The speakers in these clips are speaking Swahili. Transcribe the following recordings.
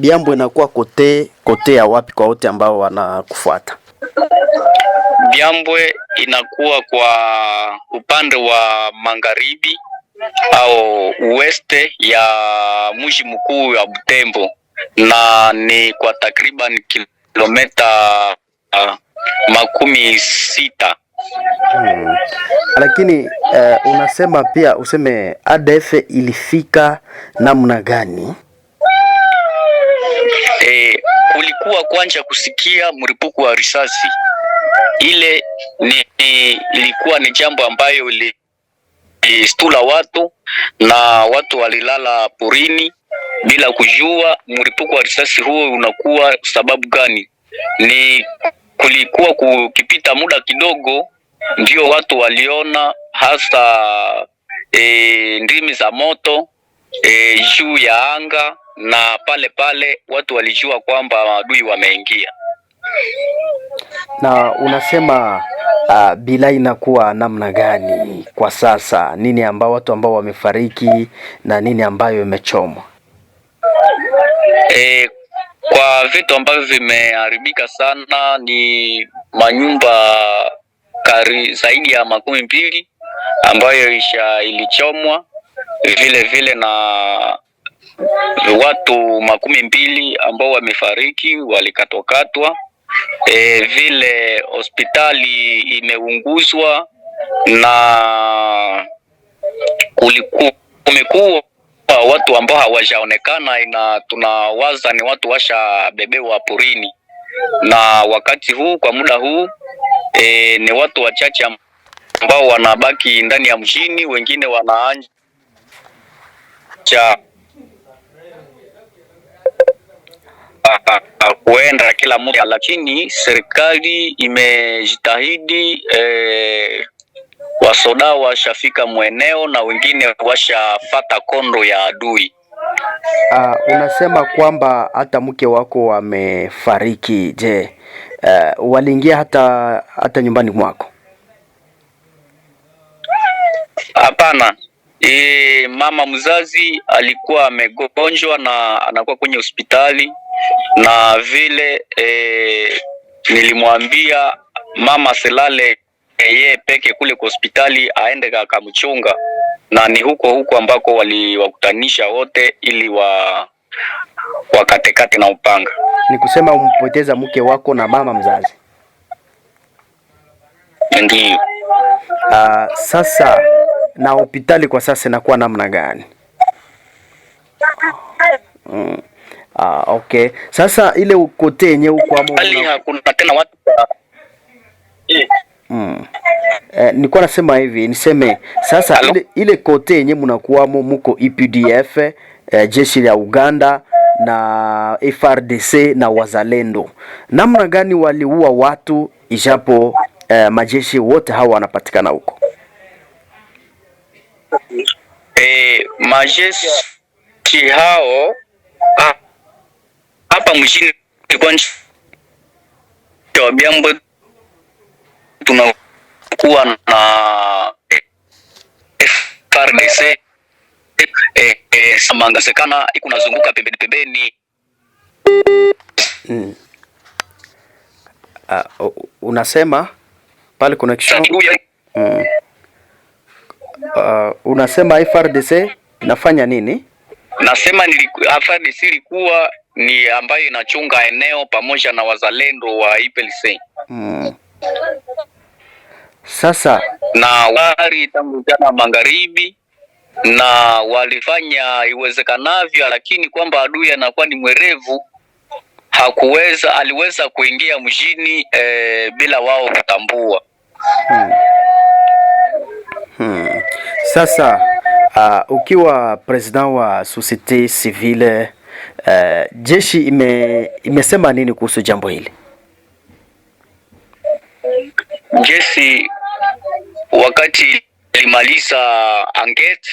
Biambo inakuwa kote kote ya wapi kwa wote ambao wanakufuata? Biambwe inakuwa kwa upande wa magharibi au weste ya mji mkuu wa Butembo, na ni kwa takriban kilomita uh, makumi sita. Hmm. Lakini uh, unasema pia useme ADF ilifika namna gani kulikuwa kwanza kusikia mripuku wa risasi ile ni, ni, ilikuwa ni jambo ambayo ilistula watu na watu walilala porini bila kujua mripuko wa risasi huo unakuwa sababu gani. Ni kulikuwa kukipita muda kidogo, ndio watu waliona hasa e, ndimi za moto e, juu ya anga na pale pale watu walijua kwamba maadui wameingia. Na unasema uh, ah, bila inakuwa namna gani kwa sasa? Nini ambao watu ambao wamefariki na nini ambayo imechomwa? E, kwa vitu ambavyo vimeharibika sana ni manyumba kari zaidi ya makumi mbili ambayo isha ilichomwa vile vile na watu makumi mbili ambao wamefariki walikatwakatwa. E, vile hospitali imeunguzwa na kulikuwa kumekuwa watu ambao hawajaonekana, na tunawaza ni watu washabebewa porini, na wakati huu kwa muda huu e, ni watu wachache ambao wanabaki ndani ya mjini, wengine wanaanja kuenda kila mtu, lakini serikali imejitahidi eh, wasoda washafika mweneo na wengine washafata kondo ya adui. Uh, unasema kwamba hata mke wako wamefariki. Je, uh, waliingia hata hata nyumbani mwako? Hapana. E, mama mzazi alikuwa amegonjwa na anakuwa kwenye hospitali na vile e, nilimwambia mama selale eh, yeye peke kule kwa hospitali aende akamchunga, na ni huko huko ambako waliwakutanisha wote ili wa wakatekate na upanga. Ni kusema umpoteza mke wako na mama mzazi? Ndiyo. Uh, ah, sasa na hospitali kwa sasa inakuwa namna gani? Mm. Ah, okay. Sasa ile ukote yenye huko hapo hakuna tena watu eh. Mm. Eh, nilikuwa nasema hivi, niseme sasa Hello? ile, ile kote yenye mnakuwamo muko epdf eh, jeshi la Uganda na FRDC na wazalendo, namna gani waliua watu ijapo eh, majeshi wote hawa wanapatikana huko eh, majeshi hao ah hapa mjini kwa nchi ya Byambwe tunakuwa na FRDC eh, eh, eh, eh samangazekana iko nazunguka pembeni pembeni. Mm. Uh, ah, unasema pale connection mm. Uh, unasema FRDC inafanya nini? Nasema nilikuwa FRDC ilikuwa ni ambayo inachunga eneo pamoja na wazalendo wa IPLC. Hmm. Sasa na wari tangu jana magharibi na walifanya iwezekanavyo, lakini kwamba adui anakuwa ni mwerevu, hakuweza aliweza kuingia mjini e, bila wao kutambua. Hmm. Hmm. Sasa uh, ukiwa president wa societe civile uh, jeshi ime, imesema nini kuhusu jambo hili? Jeshi wakati limaliza angete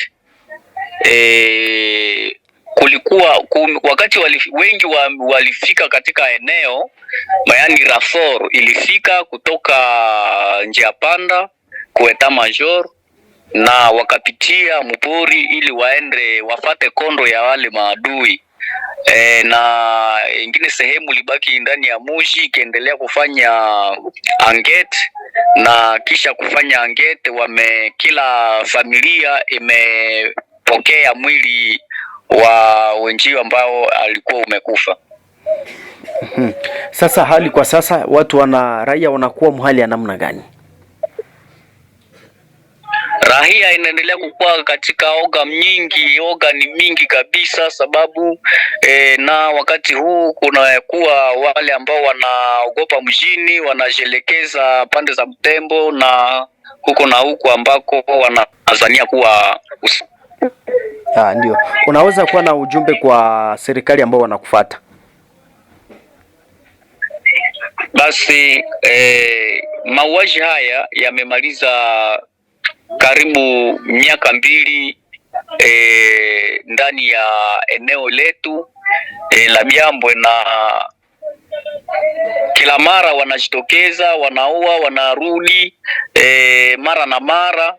e, eh, kulikuwa kum, wakati walif, wengi wa, walifika katika eneo mayani rafor ilifika kutoka njia panda kueta major na wakapitia mpori ili waende wafate kondo ya wale maadui e, na ingine sehemu libaki ndani ya muji ikiendelea kufanya angete na kisha kufanya angete, wame kila familia imepokea mwili wa wenjio ambao alikuwa umekufa. Hmm. Sasa hali kwa sasa watu wana raia wanakuwa mhali ya namna gani? Tanzania inaendelea kukua katika oga mingi oga ni mingi kabisa sababu e, na wakati huu kunakuwa wale ambao wanaogopa mjini wanajielekeza pande za Mtembo na huko na huko ambako wanazania kuwa Ah, ndio. Unaweza kuwa na ujumbe kwa serikali ambao wanakufata basi eh, mauaji haya yamemaliza karibu miaka mbili e, ndani ya eneo letu e, la Byambwe na kila mara wanajitokeza wanaua wanarudi, e, mara na mara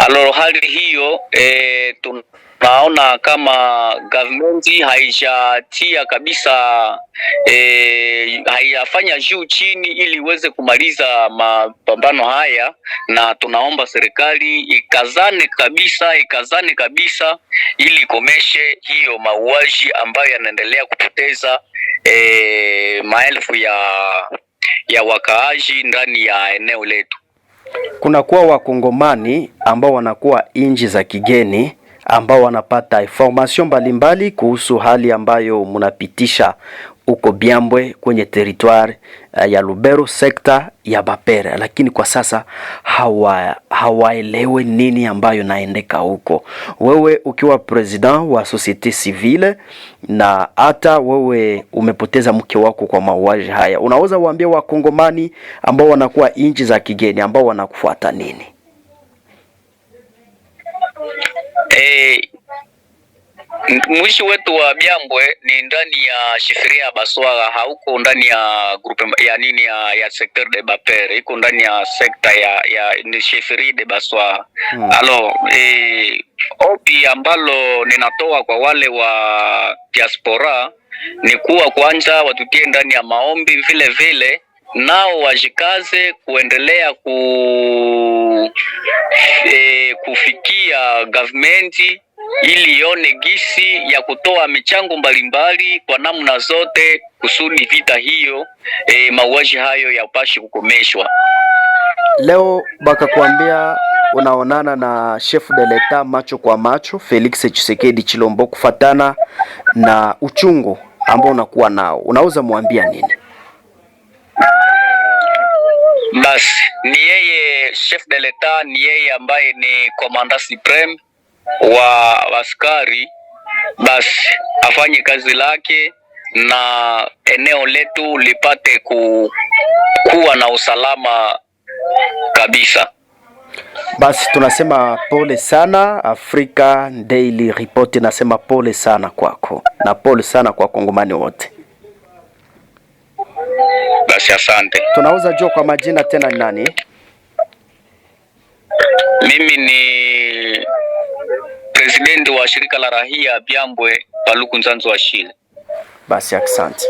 Aloro, hali hiyo e, tunaona kama government haijatia kabisa e, haijafanya juu chini ili iweze kumaliza mapambano haya, na tunaomba serikali ikazane kabisa, ikazane kabisa ili ikomeshe hiyo mauaji ambayo yanaendelea kupoteza e, maelfu ya ya wakaaji ndani ya eneo letu kuna kuwa wakongomani ambao wanakuwa inji za kigeni ambao wanapata information mbalimbali kuhusu hali ambayo mnapitisha uko Byambwe kwenye teritware uh, eh, ya Lubero sekta ya Bapere, lakini kwa sasa hawa hawaelewe nini ambayo naendeka huko. Wewe ukiwa president wa societe civile na hata wewe umepoteza mke wako kwa mauaji haya, unaweza waambia wakongomani ambao wanakuwa nchi za kigeni ambao wanakufuata nini? Hey. Eh, Mwishi wetu wa Byambwe ni ndani ya shifiria ya Baswara, hauko ndani ya grupe ya nini ya, ya secteur de Bapere, iko ndani ya sekta ya, ya ni shifiria de Baswara hmm. Alo e, opi ambalo ninatoa kwa wale wa diaspora ni kuwa kwanza watutie ndani ya maombi, vile vile nao wajikaze kuendelea ku, e, kufikia government ili ione gisi ya kutoa michango mbalimbali kwa namna zote kusudi vita hiyo e, mauaji hayo yapashi kukomeshwa. Leo bakakuambia unaonana na chef de l'etat macho kwa macho Felix Tshisekedi Chilombo, kufatana na uchungu ambao unakuwa nao, unaweza mwambia nini? Basi ni yeye chef de l'etat, ni yeye ambaye ni commandant supreme wa askari basi afanye kazi lake na eneo letu lipate ku, kuwa na usalama kabisa. Basi tunasema pole sana. Afrika Daily Report nasema pole sana kwako na pole sana kwa Kongomani wote. Basi asante. Tunauza jo kwa majina tena nani? Mimi ni presidenti wa shirika la rahia Byambwe Paluku Nzanzo Ashile. Basi asante.